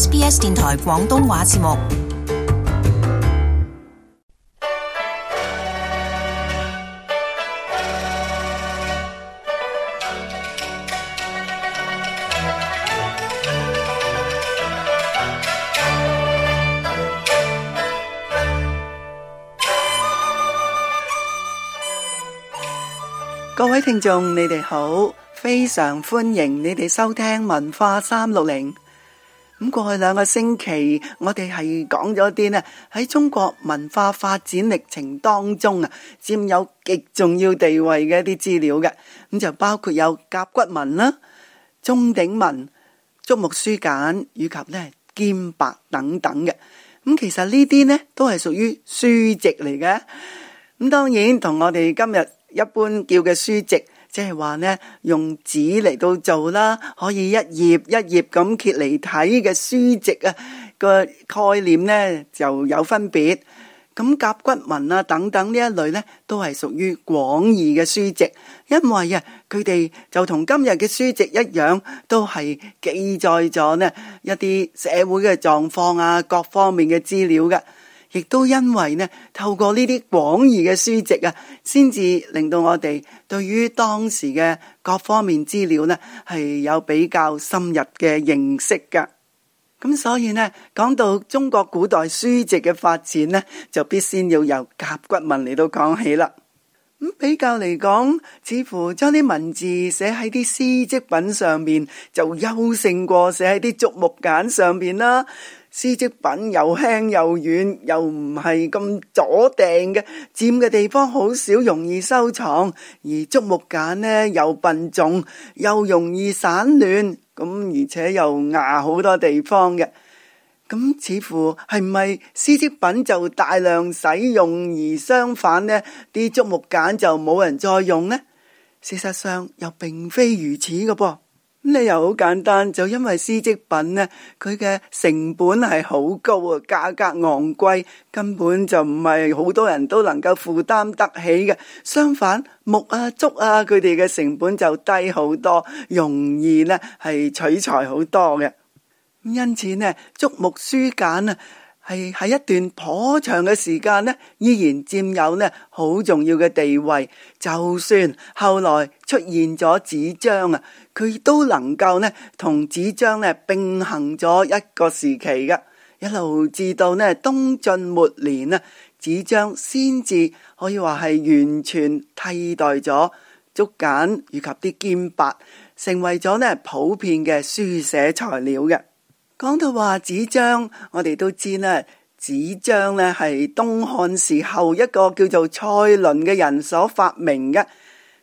SBS 電台廣東話節目。各位聽眾，你哋好，非常歡迎你哋收聽文化三六零。咁過去兩個星期，我哋係講咗啲呢喺中國文化發展歷程當中啊，佔有極重要地位嘅一啲資料嘅，咁就包括有甲骨文啦、鐘鼎文、竹木書簡以及咧縑帛等等嘅。咁其實呢啲呢都係屬於書籍嚟嘅。咁當然同我哋今日一般叫嘅書籍，即係話呢，用紙嚟到做啦，可以一頁一頁咁揭嚟睇嘅書籍啊，個概念呢就有分別。咁甲骨文啊，等等呢一類呢，都係屬於廣義嘅書籍，因為啊，佢哋就同今日嘅書籍一樣，都係記載咗呢一啲社會嘅狀況啊，各方面嘅資料嘅。亦都因為呢，透過呢啲廣義嘅書籍啊，先至令到我哋對於當時嘅各方面資料呢，係有比較深入嘅認識㗎。咁所以呢，講到中國古代書籍嘅發展呢，就必先要由甲骨文嚟到講起啦。比較嚟講，似乎將啲文字寫喺啲絲織品上面，就優勝過寫喺啲竹木簡上面啦。絲織品又輕又軟，又唔係咁阻定嘅，佔嘅地方好少，容易收藏。而竹木簡呢，又笨重，又容易散亂，咁而且又壓好多地方嘅。咁、嗯、似乎係唔係絲織品就大量使用，而相反呢啲竹木簡就冇人再用呢？事實上又並非如此嘅噃。咁理由好簡單，就因為絲織品呢，佢嘅成本係好高啊，價格昂貴，根本就唔係好多人都能夠負擔得起嘅。相反，木啊、竹啊，佢哋嘅成本就低好多，容易呢係取材好多嘅。因此呢，竹木書簡啊。係喺一段頗長嘅時間呢，依然佔有呢好重要嘅地位。就算後來出現咗紙張啊，佢都能夠呢同紙張咧並行咗一個時期嘅，一路至到呢東晉末年啊，紙張先至可以話係完全替代咗竹簡以及啲絹帛，成為咗呢普遍嘅書寫材料嘅。講到話紙張，我哋都知啦，紙張咧係東漢時候一個叫做蔡倫嘅人所發明嘅。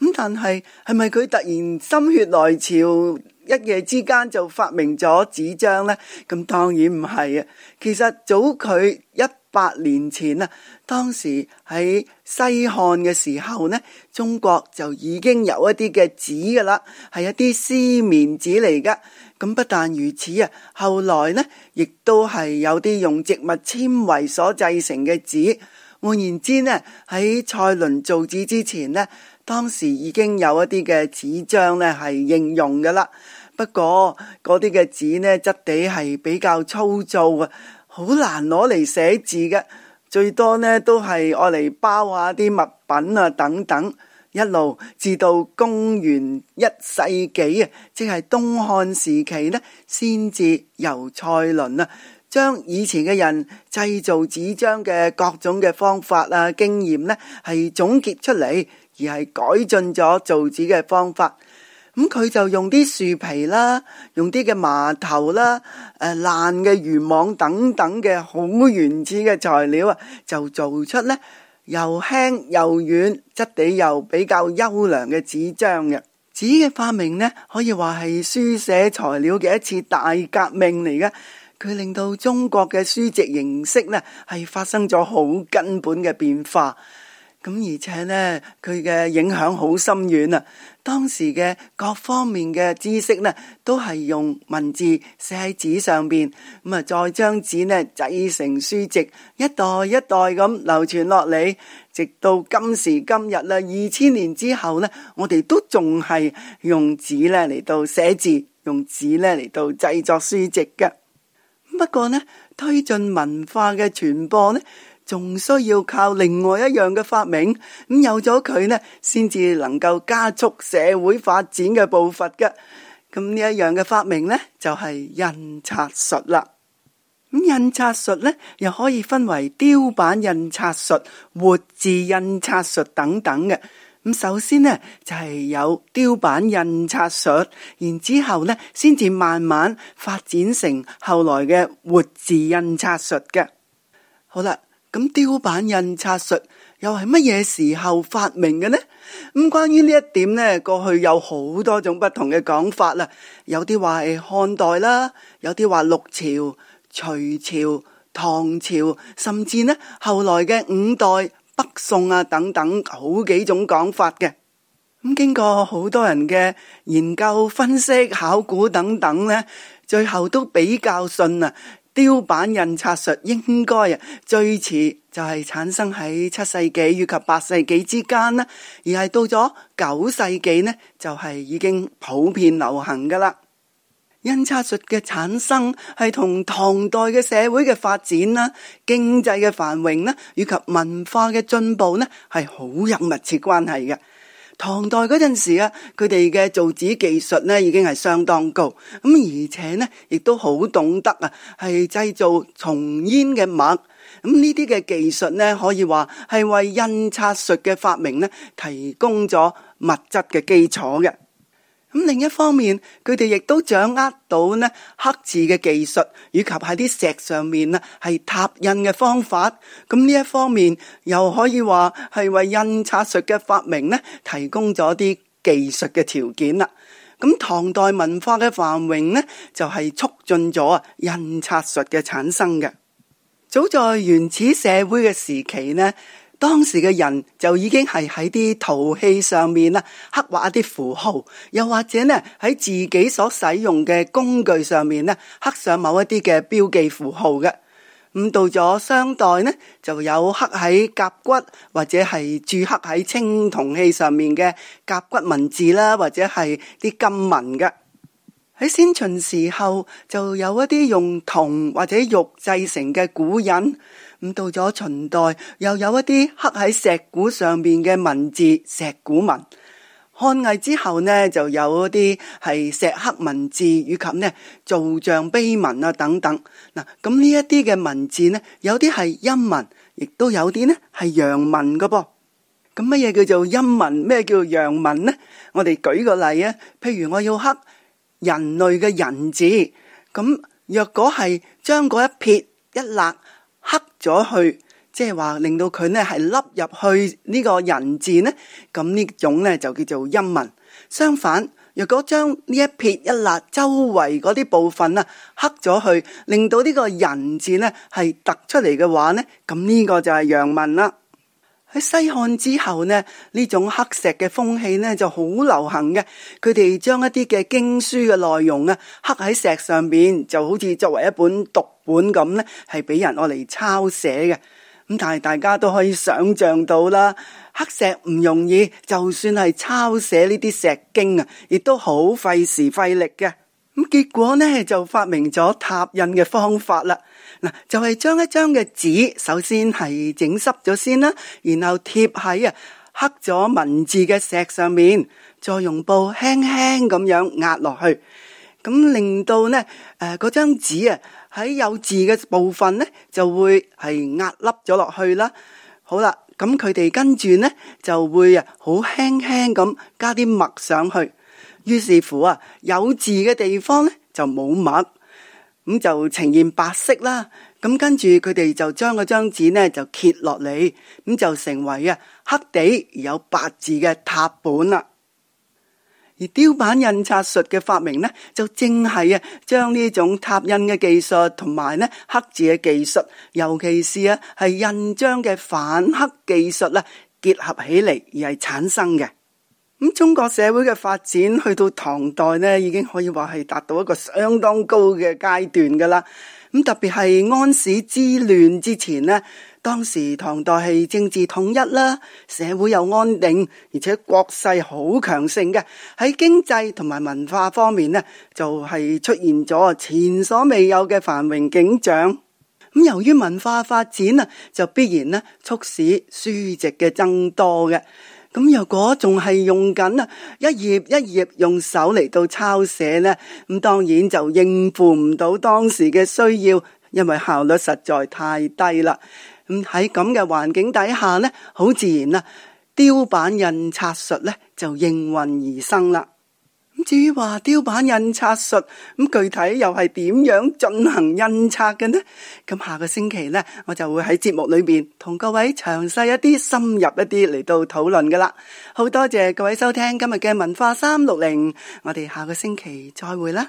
咁但係係咪佢突然心血來潮，一夜之間就發明咗紙張呢？咁當然唔係啊。其實早佢一百年前啊，當時喺西漢嘅時候呢，中國就已經有一啲嘅紙噶啦，係一啲絲棉紙嚟噶。咁不但如此啊，後來呢亦都係有啲用植物纖維所製成嘅紙。換言之呢，喺蔡倫造紙之前呢，當時已經有一啲嘅紙張呢係應用噶啦。不過嗰啲嘅紙呢，質地係比較粗糙啊，好難攞嚟寫字嘅，最多呢都係用嚟包一下啲物品啊等等。一路至到公元一世紀啊，即係東漢時期咧，先至由蔡倫啊，將以前嘅人製造紙張嘅各種嘅方法啊、經驗咧，係總結出嚟，而係改進咗造紙嘅方法。咁、嗯、佢就用啲樹皮啦，用啲嘅麻頭啦，誒爛嘅漁網等等嘅好原始嘅材料啊，就做出呢。又輕又軟，質地又比較優良嘅紙張嘅紙嘅發明呢，可以話係書寫材料嘅一次大革命嚟嘅。佢令到中國嘅書籍形式呢係發生咗好根本嘅變化。咁而且呢，佢嘅影響好深遠啊，當時嘅各方面嘅知識呢，都係用文字寫喺紙上邊，咁啊，再將紙呢製成書籍，一代一代咁流傳落嚟，直到今時今日啦，二千年之後呢，我哋都仲係用紙呢嚟到寫字，用紙呢嚟到製作書籍嘅。不過呢，推進文化嘅傳播呢，仲需要靠另外一樣嘅發明，咁有咗佢呢，先至能夠加速社會發展嘅步伐嘅。咁呢一樣嘅發明呢，就係印刷術啦。印刷術呢，又可以分為雕版印刷術、活字印刷術等等嘅。咁首先呢，就係有雕版印刷術，然之後呢先至慢慢發展成後來嘅活字印刷術嘅。好啦。咁雕版印刷術又係乜嘢時候發明嘅呢？咁關於呢一點呢，過去有好多種不同嘅講法啦，有啲話係漢代啦，有啲話六朝、隋朝、唐朝，甚至呢後來嘅五代、北宋啊等等，好幾種講法嘅。咁經過好多人嘅研究、分析、考古等等呢，最後都比較信啊。雕版印刷術應該啊，最遲就係產生喺七世紀以及八世紀之間啦，而係到咗九世紀呢，就係已經普遍流行噶啦。印刷術嘅產生係同唐代嘅社會嘅發展啦、經濟嘅繁榮啦以及文化嘅進步呢，係好有密切關係嘅。唐代嗰陣時啊，佢哋嘅造紙技術咧已經係相當高，咁而且咧亦都好懂得啊，係製造松煙嘅墨，咁呢啲嘅技術咧可以話係為印刷術嘅發明咧提供咗物質嘅基礎嘅。咁另一方面，佢哋亦都掌握到呢刻字嘅技術，以及喺啲石上面啊係拓印嘅方法。咁呢一方面又可以話係為印刷術嘅發明呢提供咗啲技術嘅條件啦。咁唐代文化嘅繁榮呢，就係促進咗印刷術嘅產生嘅。早在原始社會嘅時期呢。當時嘅人就已經係喺啲陶器上面啦，刻畫一啲符號，又或者呢喺自己所使用嘅工具上面呢，刻上某一啲嘅標記符號嘅。咁到咗商代呢，就有刻喺甲骨或者係鑄刻喺青銅器上面嘅甲骨文字啦，或者係啲金文嘅。喺先秦時候就有一啲用銅或者玉製成嘅古印，咁到咗秦代又有一啲刻喺石鼓上邊嘅文字，石鼓文。漢魏之後呢，就有一啲係石刻文字，以及呢造像碑文啊，等等。嗱，咁呢一啲嘅文字呢，有啲係陰文，亦都有啲呢係陽文噃。噉，乜嘢叫做陰文？咩叫做陽文呢？我哋舉個例啊，譬如我要刻。人類嘅人字，咁若果係將嗰一撇一捺刻咗去，即係話令到佢咧係凹入去呢個人字呢，咁呢種呢就叫做陰文。相反，若果將呢一撇一捺周圍嗰啲部分啊刻咗去，令到呢個人字呢係突出嚟嘅話呢，咁呢個就係陽文啦。喺西漢之後呢，呢種刻石嘅風氣呢就好流行嘅。佢哋將一啲嘅經書嘅內容啊，刻喺石上邊，就好似作為一本讀本咁呢係俾人攞嚟抄寫嘅。咁但係大家都可以想象到啦，刻石唔容易，就算係抄寫呢啲石經啊，亦都好費時費力嘅。咁結果咧，就發明咗拓印嘅方法啦。嗱，就係、是、將一張嘅紙首先係整濕咗先啦、啊，然後貼喺啊刻咗文字嘅石上面，再用布輕輕咁樣壓落去，咁令到咧誒嗰張紙啊喺有字嘅部分咧就會係壓凹咗落去啦。好啦，咁佢哋跟住咧就會啊好輕輕咁加啲墨上去。於是乎啊，有字嘅地方咧就冇墨，咁就呈現白色啦。咁跟住佢哋就將嗰張紙咧就揭落嚟，咁就成為啊黑地有白字嘅拓本啦。而雕版印刷術嘅發明呢，就正係啊將呢種拓印嘅技術同埋呢刻字嘅技術，尤其是啊係印章嘅反黑技術啦，結合起嚟，而係產生嘅。咁中國社會嘅發展去到唐代呢，已經可以話係達到一個相當高嘅階段噶啦。咁特別係安史之亂之前呢，當時唐代係政治統一啦，社會又安定，而且國勢好強盛嘅。喺經濟同埋文化方面呢，就係出現咗前所未有嘅繁榮景象。咁由於文化發展啊，就必然呢促使書籍嘅增多嘅。咁若果仲係用緊啊，一頁一頁用手嚟到抄寫呢，咁當然就應付唔到當時嘅需要，因為效率實在太低啦。咁喺咁嘅環境底下呢，好自然啦，雕版印刷術呢就應運而生啦。至於話雕版印刷術，咁具體又係點樣進行印刷嘅呢？咁下個星期咧，我就會喺節目裏邊同各位詳細一啲、深入一啲嚟到討論噶啦。好多謝各位收聽今日嘅文化三六零，我哋下個星期再會啦。